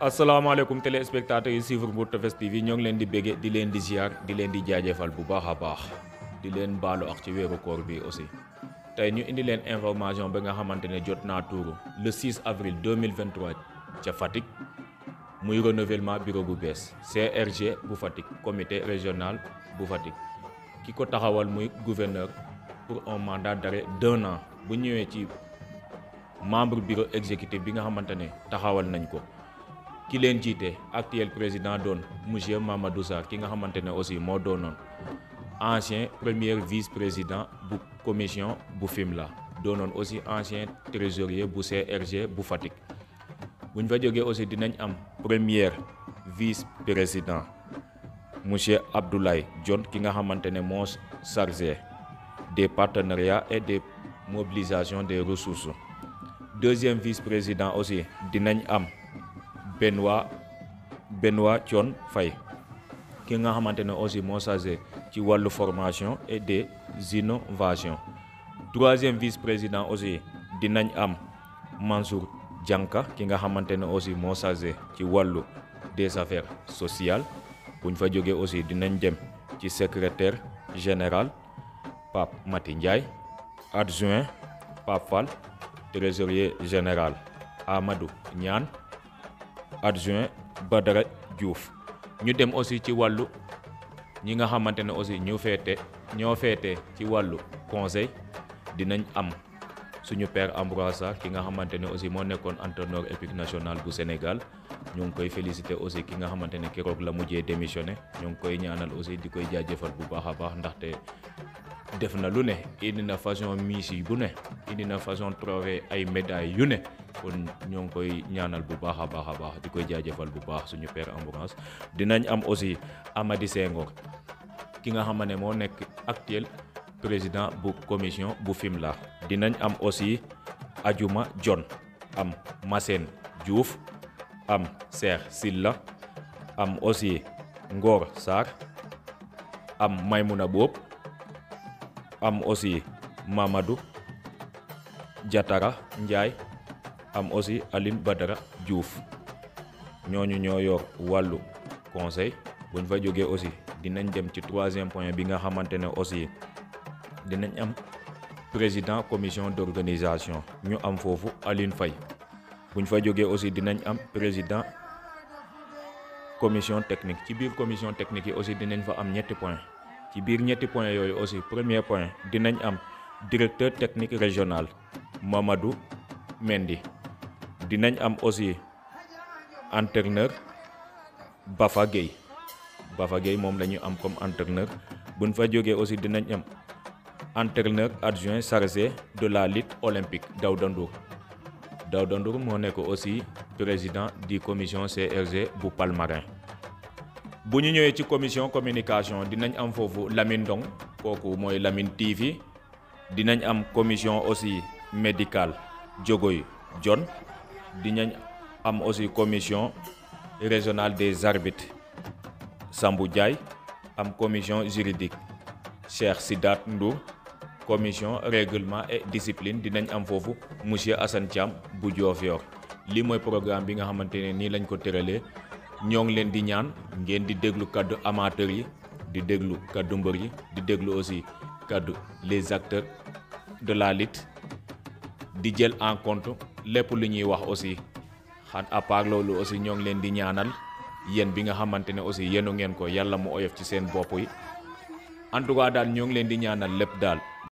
alaykum téléspectateurs ici suivre Mbour Tefesse TV ñong leen di bége di leen di ziar di leen di jaajëfal bu baaxa baax di leen balu ak ci wéru koor bi aussi tay ñu indi leen information bi nga xamante jot na tuuru le 6 avril 2023 ca Fatik, muy renouvellement bureau bu bes CRG bu Fatik, comité régional bu fatik kiko taxawal muy gouverneur pour un mandat d'arrêt d'un an bu ñëwee ci membre bureau exécutif bi nga xamante taxawal nañ ko qui l'a actuel président Don monsieur Mamadou Sarr ki nga aussi moo ancien premier vice président de la commission BOUFIMLA, Don aussi ancien trésorier bu CRG bu Nous buñ fa aussi le premier vice président monsieur Abdoulaye qui ki nga maintenu M. de chargé des partenariats et des mobilisation des ressources deuxième vice président aussi dinañ am. Benoît Benoît Thion Faye Qui nga aussi aussi moo chargé ci formation et des innovations troisième vice-président aussi dinañ am Mansour Dianka Qui nga aussi moo chargé ci walu des affaires sociales buñ fa jógee aussi dinañ dem ci secrétaire général Pape Matinjay, Ndiaye adjoint Pape Fall trésorier général Amadou Niane adjoint Badara Diouf ñu dem aussi ci wàllu ñi nga xamante ne aussi ñu feete ñoo feete ci wàllu conseil dinañ am suñu père Ambroise Sarr ki nga xamante ne aussi moo nekkoon entraîneur équipe nationale bu Sénégal ñu ngi koy félicité aussi ki nga xamante ne keroog la mujjee démissionné ñu ngi koy ñaanal aussi di koy jaajëfal bu baax a baax ndaxte def na lu ne indi na façon miss bu ne indi na façon trouver ay médailles yu ne kon ñoo ngi koy ñaanal bu baax a baax a baax di koy jaajëfal bu baax suñu père ambulance dinañ am aussi Amady Senghor ki nga xam ne moo nekk actuel président bu commission bu Fimela dinañ am aussi Ajuma John am Massène Diouf am Cheikh Silla am aussi Ngor Sarr am Maymuna Boop am aussi Mamadou Diatara Ndiaye am aussi Aline Badara Diouf ñoñu ñoo yor walu conseil buñ fa aussi dinañ dem ci troisième point bi nga aussi am commission d'organisation ñu am Aline Faye buñ fa aussi président commission technique ci commission technique aussi point il y ñetti point yooyu aussi premier point dinañ am directeur technique régional Mamadou Mendy y am aussi entraîneur Bafa Gueye Bafa Gueye moom la ñu am comme entraîneur buñ aussi dinañ am entraîneur adjoint chargé de la Ligue olympique Daudandou. Ndour Daouda nekk aussi président la commission CRG bu Palmarin bu ñu ñëwee ci commission communication dinañ am foofu Lamine dong kooku mooy Lamine TV dinañ am commission aussi médicale Jogoy John dinañ am aussi commission régionale des arbitres Sambou Diaye am commission juridique Cheikh Sidat Ndour commission règlement et discipline dinañ am foofu monsieur Assane Thiam bu Diofior lii mooy programme bi nga xamante ne nii lañ ko ñoo ngi leen di ñaan ngeen di déglu kàddu amateurs yi di déglu kàddu mbër yi di déglu aussi kàddu les acteurs de la lutte di jël en compte lépp lu ñuy wax aussi xan à part loolu aussi ñoo ngi leen di ñaanal yéen bi nga xamante ne aussi yéenu ngeen ko yàlla mu oyof ci seen bopp yi en tout daal ñoo ngi leen di ñaanal lépp daal